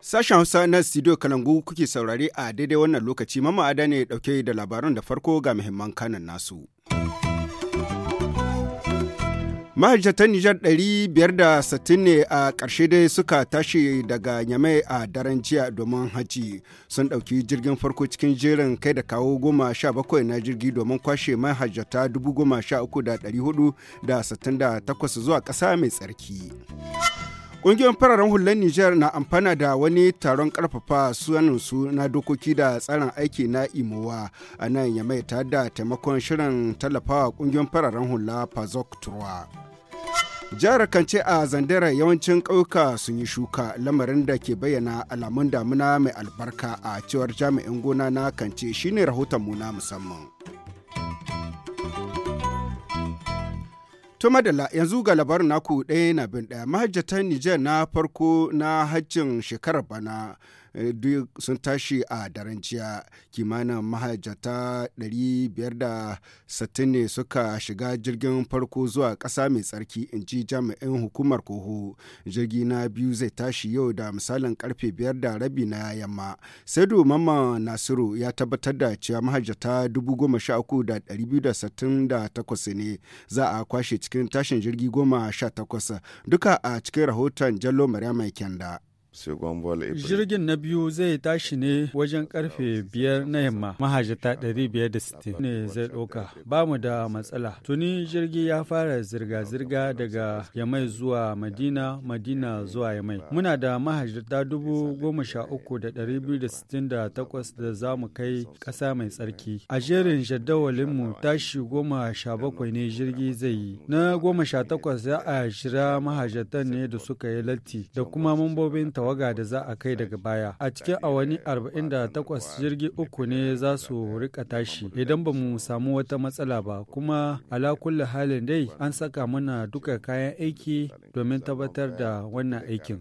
Sashen Hausa na studio Kalangu kuke saurare a daidai wannan lokaci mama ada ne dauke da labaran da farko ga muhimman kanan nasu. ma'aikatan Nijar 560 ne a ƙarshe dai suka tashi daga Yamai a daren jiya domin haji sun ɗauki jirgin farko cikin jerin kai da kawo goma sha bakwai na jirgi domin kwashe mahajjata dubu goma sha uku da ɗari hudu da sittin da takwas zuwa ƙasa mai tsarki. Ƙungiyoyin fararen hular Nijar na amfana da wani taron ƙarfafa su na dokoki da tsarin aiki na imowa a nan ya ta da taimakon shirin tallafawa ƙungiyoyin fararen hula Pazok Turwa. jihar kance a zandara yawancin ƙauka sun yi shuka lamarin da ke bayyana alamun damuna mai albarka a cewar jami'in gona na kance shine rahotonmu na musamman To madalla yanzu ga labarin naku ɗaya na bin ɗaya mahajjatan Nijar na farko na hajjin shekarar bana duk sun tashi a daren jiya kimanin mahajjata 560 ne suka shiga jirgin farko zuwa ƙasa mai tsarki in ji jami'in hukumar koho jirgi na biyu zai tashi yau da misalin karfe biyar da rabi na yamma saidu mama nasiru ya tabbatar da cewa mahajjata 13,268 ne za a kwashe cikin tashin jirgi 18 duka a cikin rahoton jallo maryama kenda. Jirgin na biyu zai tashi ne wajen karfe biyar na yamma mahajata 560 ne zai ɗauka. Ba mu da matsala. Tuni jirgi ya fara zirga-zirga daga Yamai zuwa Madina, Madina zuwa Yamai. Muna da mahajata 13,268 da za mu kai ƙasa mai tsarki. A jerin jadawalinmu tashi goma sha bakwai ne jirgi zai yi. Na goma sha takwas za a jira mahajatan ne da suka yi latti da kuma mambobin tawa tawaga da za a kai daga baya. A cikin awanni 48 jirgi uku ne za su rika tashi idan ba mu samu wata matsala ba kuma ala kulli halin dai an saka mana duka kayan aiki domin tabbatar da wannan aikin.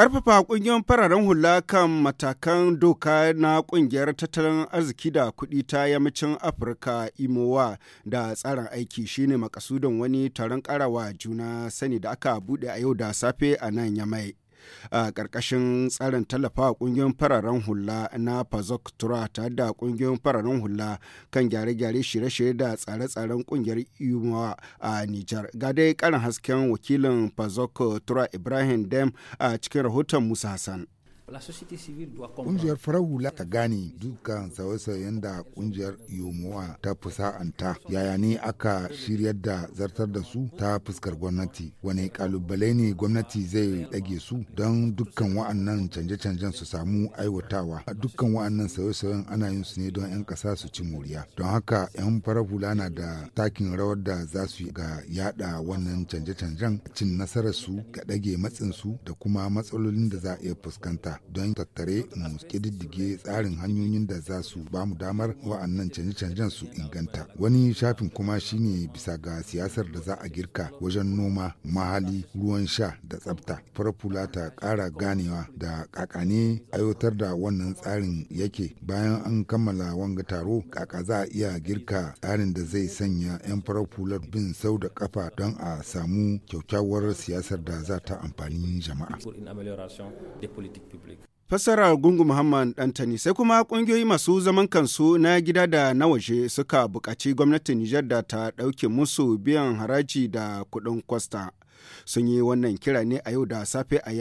Ƙarfafa ƙungiyar fararen hula kan matakan doka na ƙungiyar tattalin arziki da kuɗi ta yammacin Afirka imowa da tsarin aiki shine makasudin wani taron karawa juna sani da aka buɗe a yau da safe a nan yamai. a ƙarƙashin tsarin tallafa ƙungiyoyin fararen hula na Tura tare da ƙungiyoyin fararen hula kan gyare-gyare shirye-shirye da tsare-tsaren ƙungiyar Yuma a Nijar. Ga dai ƙarin hasken wakilin Pazok Tura Ibrahim Dem a cikin rahoton Musa Hassan. Kungiyar farar hula ta gane dukkan sauye-sauyen da kungiyar yomowa ta fusa'anta yaya ne aka shiryar da zartar da su ta fuskar gwamnati wani kalubale ne gwamnati zai ɗage su don dukkan wa'annan canje-canjen su samu aiwatawa a dukkan wa'annan sauye-sauyen ana yin su ne don 'yan ƙasa su ci moriya don haka 'yan farar hula na da takin rawar da za su ga yada wannan canje-canjen cin nasarar su ga ɗage matsin su da kuma matsalolin da za a iya fuskanta don tattare mu kididdige tsarin hanyoyin da za su ba mu damar wa'annan canje-canjen su inganta. Wani shafin kuma shine bisa ga siyasar da za a girka wajen noma, mahali, ruwan sha da tsafta. Farfula ta ƙara ganewa da kakane aiwatar da wannan tsarin yake bayan an kammala wanga taro kaka za a iya girka tsarin da zai sanya 'yan farfular bin sau da kafa don a samu kyaukyawar siyasar da za ta amfani jama'a. Fassara Gungu Muhammad Dantani sai kuma kungiyoyi masu zaman kansu na gida da na waje suka bukaci gwamnatin Nijar da ta ɗauke musu biyan haraji da kuɗin kwasta. sun yi wannan kira ne a yau da safe a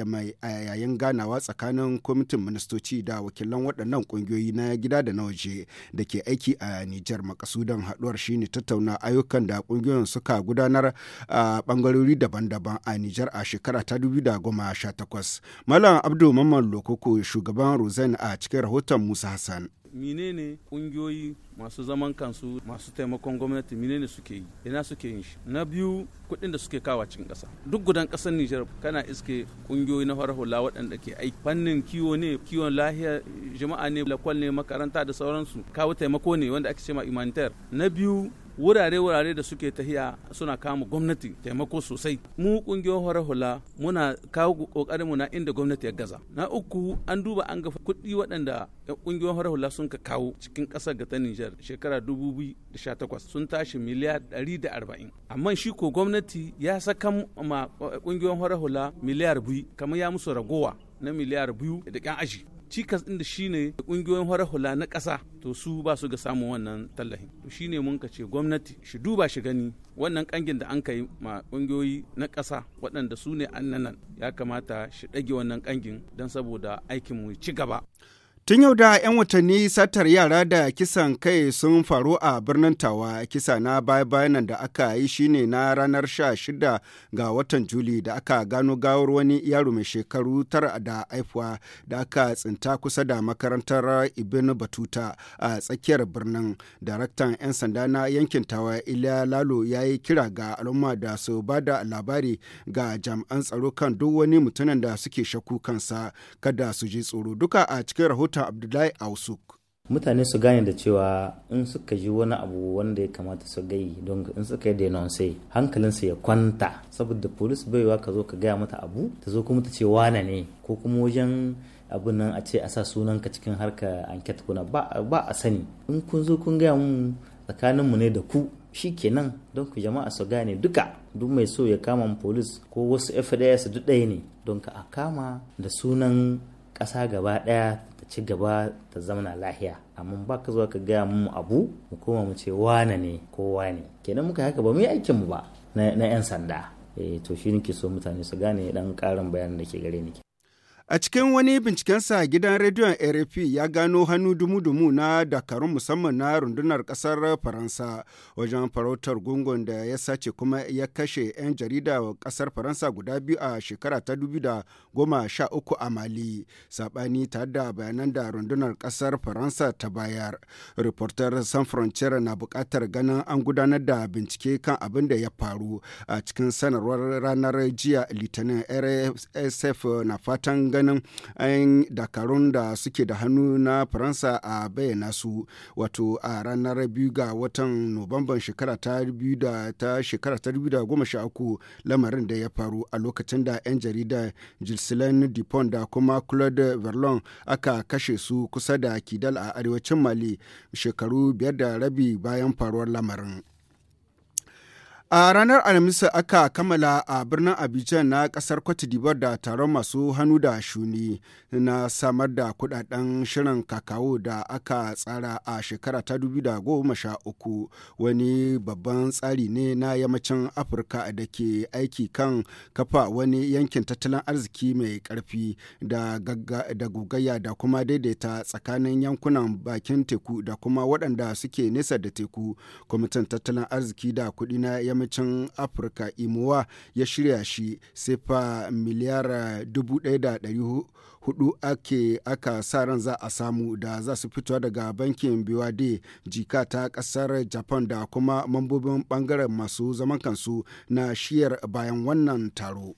yayin ganawa tsakanin kwamitin ministoci da wakilan waɗannan ƙungiyoyi na gida da na waje da ke aiki a Nijar makasudan haɗuwar shine tattauna ayyukan da ƙungiyoyin suka gudanar a ɓangarori daban-daban a Nijar a shekara ta goma 2018. Malam Abdul Mamman Lokoko shugaban Rosen a cikin rahoton Musa Hassan. menene kungiyoyi masu zaman kansu masu taimakon gwamnati menene suke yi ina suke yin shi na biyu kuɗin da suke kawa cikin kasa duk gudan kasar Nijar kana iske kungiyoyi na farar hula waɗanda ke aiki fannin kiwo ne kiwon lahiya jama'a ne lakwal ne makaranta da sauransu kawo taimako ne wanda ake ce ma na biyu wurare-wurare da suke tahiya suna kama gwamnati taimako sosai mu kungiyar hore hula muna kawo kokarin mu na inda gwamnati ya gaza na uku an duba an ga kuɗi waɗanda kungiyar hore hula sun ka kawo cikin ƙasar ga ta nijar shekara 2018 sun tashi miliyar 140 amma shi ko gwamnati ya saka ma kungiyar hore hula miliyar biyu kamar ya musu ragowa na miliyar biyu da kyan aji cikas ɗin da shine ƙungiyoyin horar hula na ƙasa to su ba su ga samun wannan tallafin to ne mun ka ce gwamnati shi duba shi gani wannan kangin da an kai ma ƙungiyoyi na ƙasa waɗanda su ne annanan ya kamata shi ɗage wannan ƙangin don saboda aikin mu ci gaba Tun yau da 'yan watanni satar yara da kisan kai sun faru a birnin Tawa, kisa na baya-bayanan da aka yi shine na ranar 16 ga watan Juli da aka gano gawar wani yaro mai shekaru tara da haifuwa da aka tsinta kusa da makarantar Ibn Batuta a tsakiyar birnin. Daraktan 'yan sanda na yankin Tawa Iliya Lalo ya yi kira ga al'umma da su ba da labari ga jami'an tsaro kan duk wani mutumin da suke shaku kansa kada su ji tsoro. Duka a cikin rahoton Dr. Abdullahi Ausuk. mutane su gane da cewa in suka ji wani abu wanda ya kamata su gai don in suka yi denonce hankalinsu ya kwanta saboda polis baiwa ka zo ka gaya mata abu ta zo kuma ta ce wane ne ko kuma wajen abin nan a ce a sa sunan ka cikin harka anket kuna ba a sani in kun zo kun gaya mu tsakaninmu ne da ku shi kenan don ku jama'a su gane duka duk mai so ya kama polis ko wasu fds duk ɗaya ne don ka a kama da sunan ƙasa gaba ɗaya ci gaba ta zamana lahiya amma ba ka zo ka gaya mu abu mu koma mu ce wane ne ko wane kenan muka haka ba mu yi aikin mu ba na 'yan sanda eh to shi nake so mutane su gane dan karin bayanin da ke gare ni A cikin wani bincikensa gidan rediyon RFP ya gano hannu dumu-dumu na dakarun musamman na rundunar kasar Faransa wajen farautar gungun da ya sace kuma ya kashe 'yan jarida wa kasar Faransa guda biyu a shekara ta goma sha uku a Mali, sabani ta da bayanan da rundunar kasar Faransa ta bayar. Reporter San Frontier na bukatar ganin an gudanar da bincike kan abin da ya faru a cikin sanarwar ranar jiya Litinin RSF na fatan ganin an dakarun da suke da hannu na faransa a bayyana su wato a ranar biyu ga watan nuwamban shekara ta biyu da ta shekara ta biyu da goma sha uku lamarin da ya faru a lokacin da 'yan jarida gilsilan dupont da kuma claude verlon aka kashe su kusa da kidal a arewacin mali shekaru biyar da rabi bayan faruwar lamarin. A ranar Alhamis aka kammala a birnin Abidjan na kasar Cote d'Ivoire da taron masu hannu da shuni na samar da kudaden shirin kakao da aka tsara a shekara ta 2013 wani babban tsari ne na yammacin Afirka da ke aiki kan kafa wani yankin tattalin arziki mai karfi da, gugaya da kuma daidaita tsakanin yankunan bakin teku da kuma waɗanda suke nesa da teku. Kwamitin tattalin arziki da kuɗi na yammacin afirka imowa ya shirya shi sefa miliyar 1,400 ake aka sa ran za a samu da za su fito daga bankin biwade jika ta kasar japan da kuma mambobin bangaren masu zaman kansu na shiyar bayan wannan taro.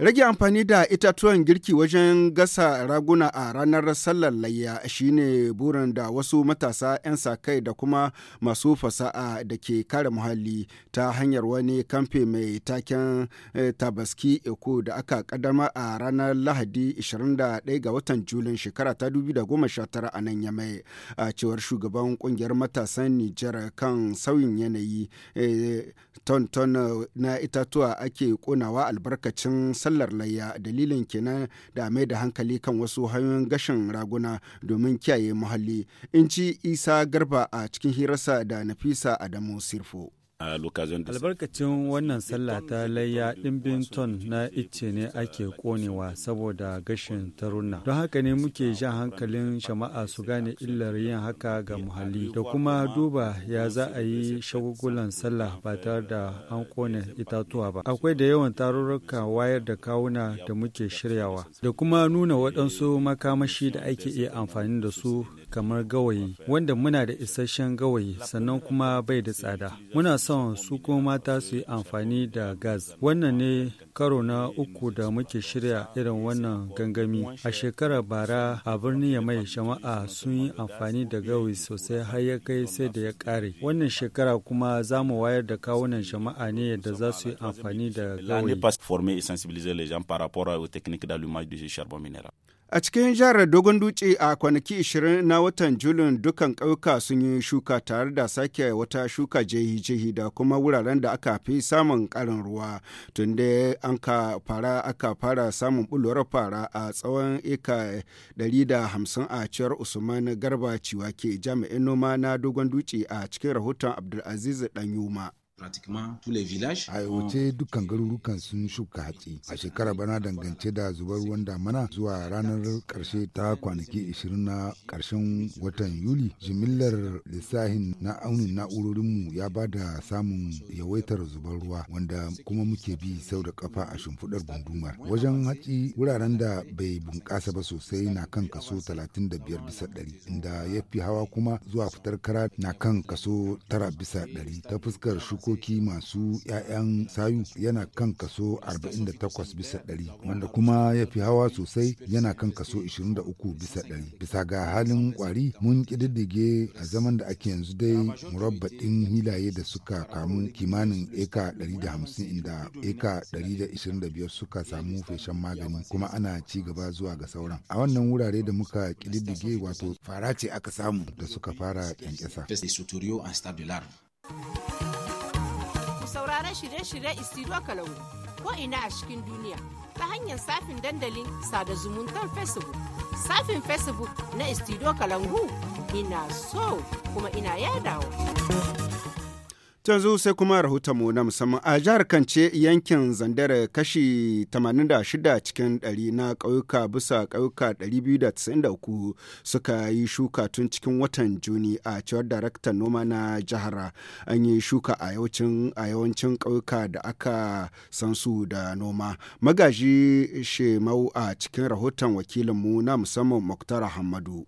Rage amfani da itatuwan girki wajen gasa raguna a ranar sallar layya shine burin da wasu matasa 'yan sa-kai da kuma masu fasa'a da ke kare muhalli ta hanyar wani kamfe mai taken eh, tabaski eko da aka kaddama a ranar lahadi 21 ga watan julin shekara ta 2019 a nan yamai a cewar shugaban kungiyar matasan nijar kan sauyin yanayi eh, tonton eh, na itatuwa ake konawa albarkacin sallar layya dalilin kenan da mai da hankali kan wasu hanyoyin gashin raguna domin kiyaye muhalli in ci isa garba a cikin hirarsa da nafisa adamu sirfo a lokacin da albarkacin wannan sallah ta layya ɗimbin ton na icce ne ake ƙonewa saboda gashin taruna don haka ne muke jan hankalin jama'a su gane illar yin haka ga muhalli da kuma duba ya za a yi shagugulan sallah ba tare da an kone itatuwa ba akwai da yawan tarurruka wayar da kawuna da muke shiryawa da kuma nuna waɗansu makamashi da ake iya amfani da su kamar gawayi wanda muna da isasshen gawayi sannan kuma bai da tsada muna son su kuma mata su yi amfani da gas wannan ne karo na uku da muke shirya irin wannan gangami a shekarar bara a birnin mai jama'a sun yi amfani da gawayi sosai har ya kai sai da ya kare wannan shekara kuma za mu wayar da kawunan jama'a ne da za su yi amfani da gawayi et les A cikin jihar Dogon Dutse a kwanaki 20 na watan Julin dukan ƙauka sun yi shuka tare da sake wata shuka jihi-jihi da kuma wuraren da aka fi samun ƙarin ruwa. Tun da an ka fara aka fara samun bulwar fara a tsawon eka 150 a ciyar Usman Garba Ciwake jami'in noma na Dogon Dutse a cikin rahoton Abdulaziz Danyuma. pratiquement tous les villages. A yawace dukkan garurukan sun shuka hatsi. A shekara bana dangance da zubar ruwan damana zuwa ranar karshe ta kwanaki 20 na karshen watan Yuli. Jimillar lissahin na aunin na'urorinmu ya ba da samun yawaitar zubar ruwa wanda kuma muke bi sau da kafa a shimfiɗar gundumar. Wajen hatsi wuraren da bai bunƙasa ba sosai na kan kaso 35 bisa ɗari inda ya fi hawa kuma zuwa fitar kara na kan kaso 9 bisa ɗari ta fuskar shuku. jikoki masu 'ya'yan sayu yana kan kaso 48 bisa ɗari wanda kuma ya fi hawa sosai yana kan kaso 23 bisa ɗari bisa ga halin kwari mun ƙididdige a zaman da ake yanzu dai murabbaɗin hilaye da suka kamu kimanin eka 150 inda eka 125 suka samu feshen magani kuma ana ci gaba zuwa ga sauran a wannan wurare da muka ƙididdige wato fara ce aka samu da suka fara ƙyanƙyasa. sauran shirye-shirye isiro kalangu ko ina a cikin duniya ta hanyar safin dandalin sada zumuntar facebook safin facebook na istido kalangu ina so kuma ina yadawa. ta sai kuma rahotonmu na musamman a jihar kance yankin zandara kashi 86 cikin 100 na ƙauyuka bisa ƙauyuka 293 suka yi shuka tun cikin watan juni a cewar daraktan noma na jihar an yi shuka a yawancin ƙauyuka da aka san su da noma magaji shemau a cikin rahoton wakilinmu na musamman muktar hamadu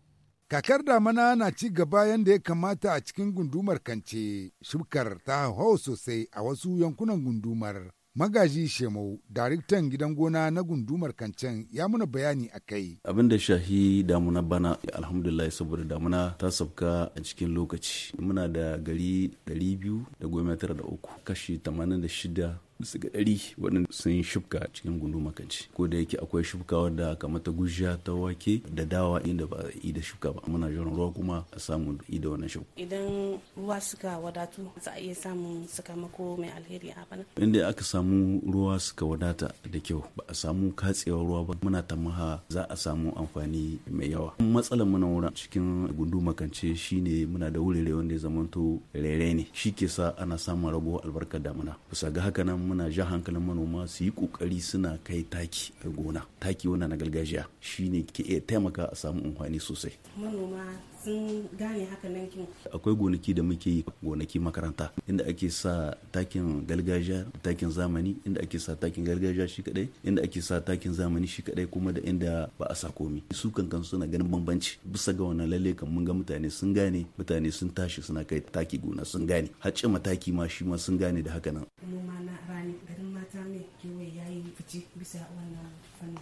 Kakar damana na ci gaba yadda ya kamata a cikin gundumar Kance, shukar ta hau sosai a wasu yankunan gundumar. Magaji Shemau, daraktan gidan gona na gundumar Kancan ya muna bayani a kai. Abin da shahi damuna bana, alhamdulillah saboda damuna ta sauka a cikin lokaci. Muna da gari 213 kashi 86 bisa ga ɗari waɗanda sun yi shubka cikin gundu makanci ko da yake akwai shubka wadda kamata ta gujiya ta wake da dawa inda ba yi da shubka ba muna jiran ruwa kuma a samu yi da wannan shubka idan ruwa suka wadatu za a iya samun sakamako mai alheri a bana inda aka samu ruwa suka wadata da kyau ba a samu katsewar ruwa ba muna tamaha za a samu amfani mai yawa matsalar na wurin cikin gundu makance shine muna da wurare wanda ya zamanto rere ne shi ke sa ana samun rago albarkar damuna bisa ga haka nan muna ja hankalin manoma su yi kokari suna kai taki a gona taki wannan na gargajiya shine ke iya taimaka a samu amfani sosai manoma sun gane haka nan kin akwai gonaki da muke yi gonaki makaranta inda ake sa takin gargajiya takin zamani inda ake sa takin gargajiya shi kadai inda ake sa takin zamani shi kadai kuma da inda ba a sa komi su kankan suna ganin bambanci bisa ga wannan lalle kan mun ga mutane sun gane mutane sun tashi suna kai taki gona sun gane hacce mataki ma shi ma sun gane da haka nan bisa wannan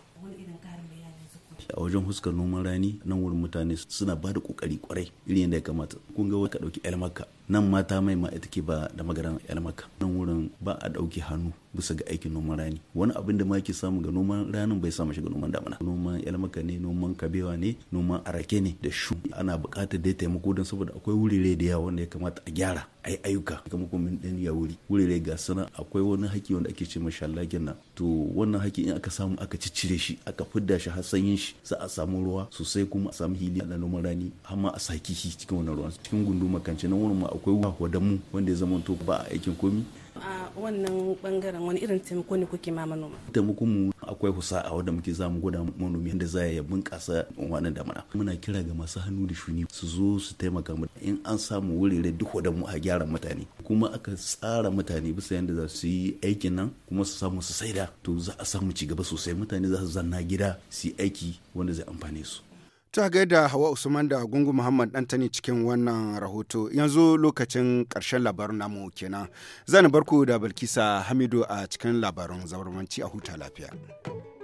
a wajen huskar noman rani nan wurin mutane suna ba da kokari kwarai irin yadda ya kamata kun ga ka dauki el makka nan mata mai ma ita ke ba da magaran maka nan wurin ba a dauki hannu bisa ga aikin noman rani wani abin da ma ke samu ga noman ranin bai samu shiga noman damana noman maka ne noman kabewa ne noman arake ne da shu ana buƙatar da taimako don saboda akwai wurare da yawa wanda ya kamata a gyara ai ayyuka kuma mukumin dan ya wuri wurare ga sana akwai wani haƙi wanda ake ce masha Allah kenan to wannan haƙi in aka samu aka ciccire shi aka fidda shi har sanyin shi za a samu ruwa sosai kuma a samu hili na noman rani har a saki shi cikin wannan ruwan cikin gunduma nan wurin ma akwai wadamu wanda ya zama to ba aikin komi a wannan bangaren wani irin taimako ne kuke ma manoma taimako mu akwai husa a wanda muke zamu gwada manomi yadda za ya bunkasa wannan damana muna kira ga masu hannu da shuni su zo su taimaka mu in an samu wurare duk da mu a gyara mutane kuma aka tsara mutane bisa yadda za su yi aikin nan kuma su samu su saida to za a samu cigaba sosai mutane za su zanna gida su yi aiki wanda zai amfane su ta da hawa usman da gungu muhammad dantani cikin wannan rahoto yanzu lokacin karshen labarin namu kenan zan barku da bilkisa hamidu a cikin labarun zabarmanci a huta lafiya